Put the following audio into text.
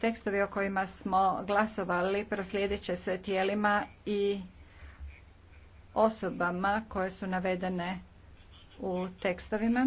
Tekstovi o kojima smo glasovali proslijedit će se tijelima i osobama koje su navedene u tekstovima.